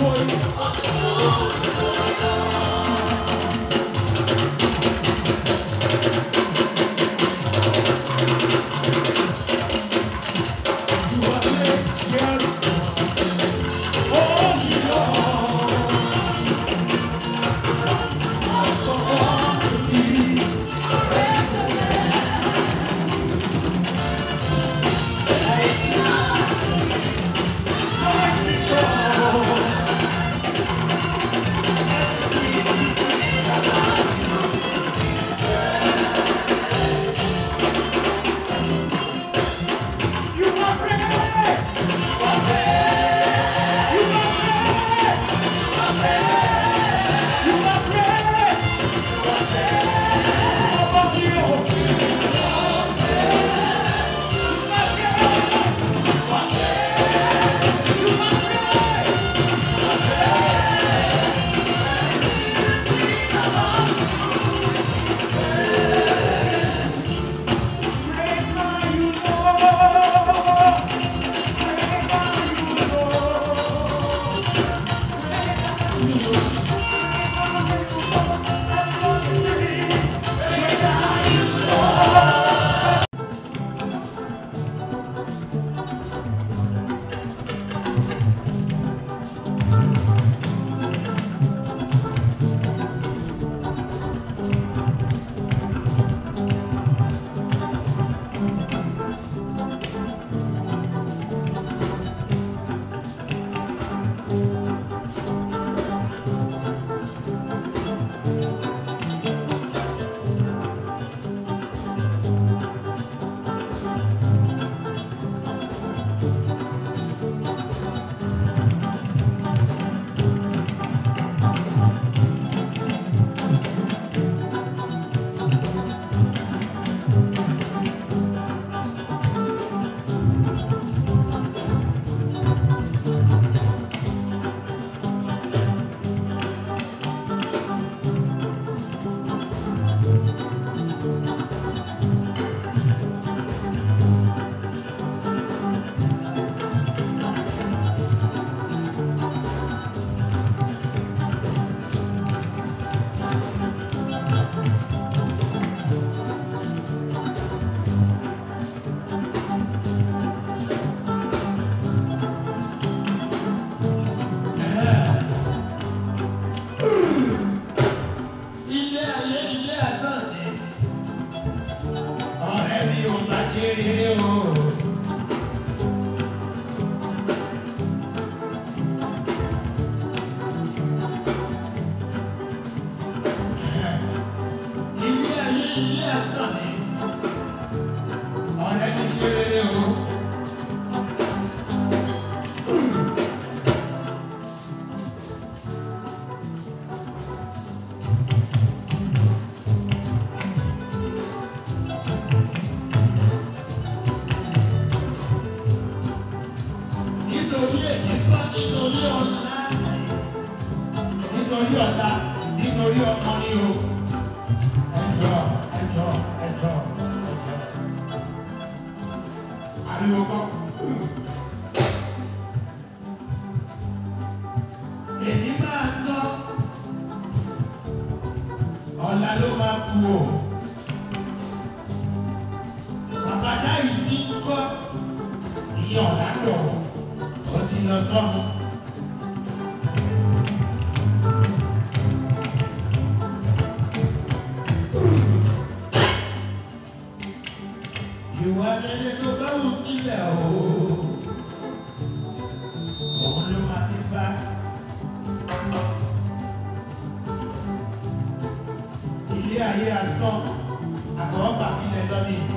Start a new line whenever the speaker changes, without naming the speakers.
one. Candy Hill. wò. Bàbá láyé sí ń kọ́ ìyá ọ̀làdọ̀ ọtí lọ sọ́run. I I asán àkọ́ọ̀bà nílẹ̀ lọ́nà ìlú.